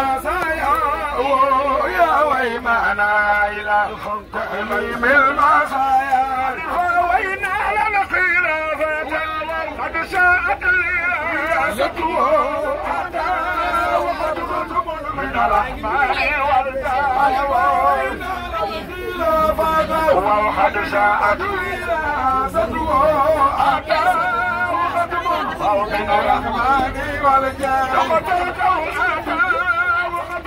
المصايا يا ويمانا إلى تأميم المصايا وينا لنقينا فاتا قد شاءت رياسته حتى وقد كنتم من الرحمن والدار وقد شاءت رياسته حتى وقد كنتم من الرحمن وقد والدار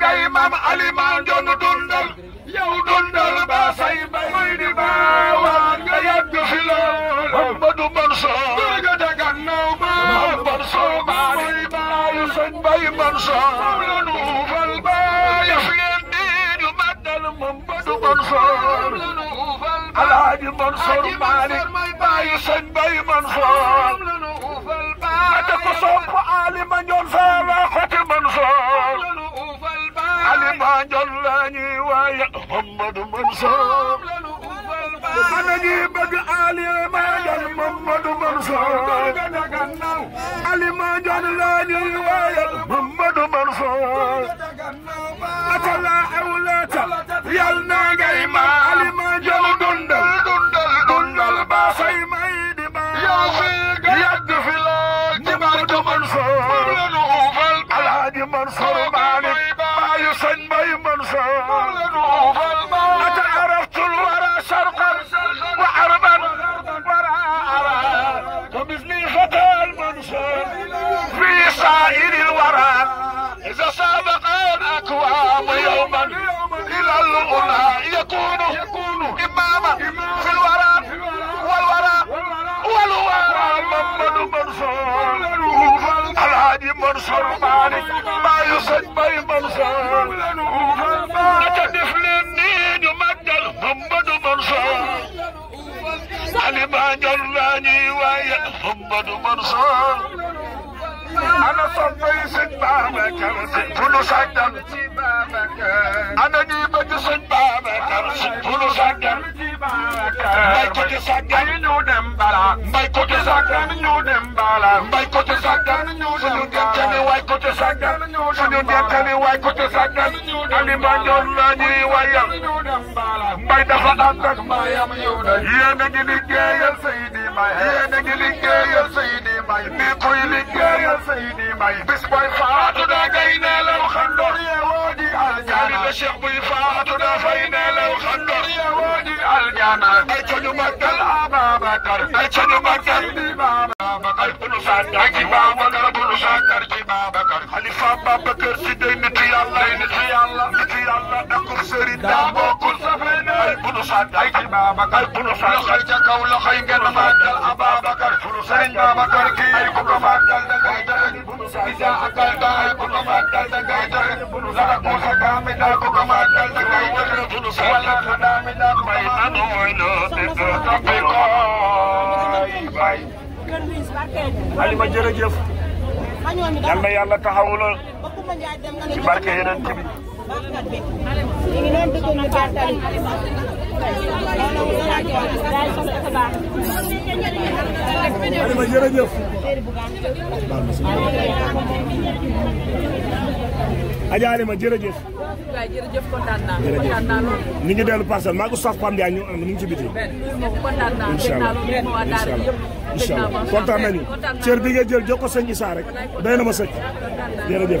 ngay maam alimaan jon dundal yow dundal ba say bay di baawaan nga yàgg fi lool Ahmadu Mansour gurga dagan naw ba Mansour maa mooy baayu sëñ Bay Mansour moom la nu fal baaya fi ngeen di ñu màggal Ahmadu Mansour Alaaji Mansour Malick baayu sëñ Bay Mansour ma da ko sopp alima ñoon fee jallaañi waaye Mamadou Mansour ana ñi bëgg Ali Madan Mamadou Mansour Ali Madan laañi waaye Mamadou Mansour atala awlata yal na Mansour Malick baayu sëñ Bay Mansour na ca def leen nii ñu màggal Mamadou Mansour alima jor laa ñuy waaye Mamadou Mansour ana soppay sëñ Babacar si punu sàggan ana ñuy bëgg sëñ Babacar si punu sàggan mbay côté sàggan ñu dem bala mbay côté sàggan ñu dem bala mbay côté sàggan ñu dem bala way côté sàggan ñu dem bala way côté sàggan ñu dem bala mbay ñoon la ñuy wayal mbay dafa ànd ak mbayam yow da yéen a ngi liggéeyal Seydi Mbaye yéen a ngi liggéeyal Seydi Mbaye ni koy liggéeyal Seydi Mbaye bis bay faatu da gay ne law xandoor yeewoo di aljaana Cheikh buy faatu da fay ne law xandoor yeewoo Maulana ay ca ñu màggal Ababacar ah, ay ca ñu màggal li Babacar bu nu sànni ci Babacar bu nu sànni ci Babacar xalifa Babacar si day nitu yàlla nitu yàlla nitu yàlla dakub sëriñ daa bokkul safee ne ay bu nu sànni ay ci Babacar bu nu sànni loxoy ca kaw loxoy ngeen màggal Ababacar ah, bu nu sëriñ Babacar kii ay ku ko màggal da ngay jaxe bu nu sànni isa akal da ay ku ko màggal da ngay jaxe bu nu sànni Moussa Kame daal ku ko màggal da ngay jaxe bu nu sànni wala Kandame daal Alima jërëjëf yal na yàlla taxawu la ci barke yeneen ci bi. ñu ngi doon dugg ñu Alima jërëjëf. Adja Alima jërëjëf. waaw jërëjëf kontaan naa kontaan naa lool. ñu ngi dellu parcelle maa ngi Oustaz Pam Ndiaye ñu ci biti. incha allah incha cër bi nga jël jox ko sëñ rek doy na ma sëñ. jërëjëf.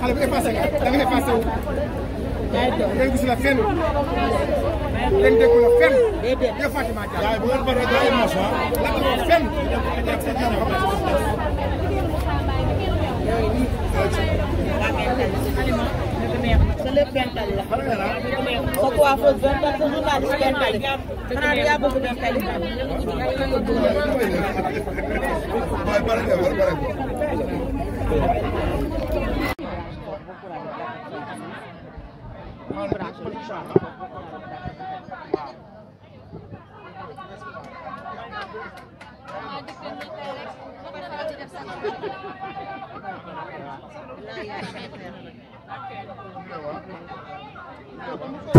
xale bu effacé nga da nga effacé wu. ngeen gis la fenn. ngeen dégg la fenn. yow Fatima Diallo. waaye bu ngeen ko defee ay mos ah. la ko fenn. sa lépp benn la. a fost vând, a sunt jurnalist pe care. Canal a bă pe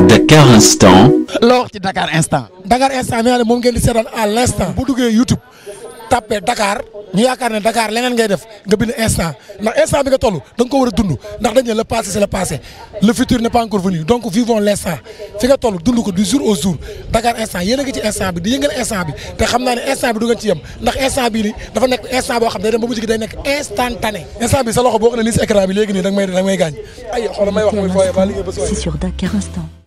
Dakar Instant. loo wax ci Dakar Instant. Dakar Instant nee naa moom ngeen di seetaan à l'instant. bu duggee YouTube tapé Dakar. ñu yaakaar ne Dakar leneen ngay def nga bind instant ndax instant bi nga toll da nga ko war a dund ndax dañ ne le passé c'est le passé le futur n'est pas encore venu donc vivons l'instant fi nga toll dund ko du jour au jour Dakar instant yéen a ngi ci instant bi di yëngal instant bi te xam naa ne instant bi du ngeen ci yem ndax instant bii ni dafa nekk instant boo xam day dem ba mujj gi day nekk instantané instant bi sa loxo boo xam ne nii si écran bi léegi nii danga may danga may gaañ ay xoolal may wax muy fooyee ba liggéey ba sooy sur Dakar instant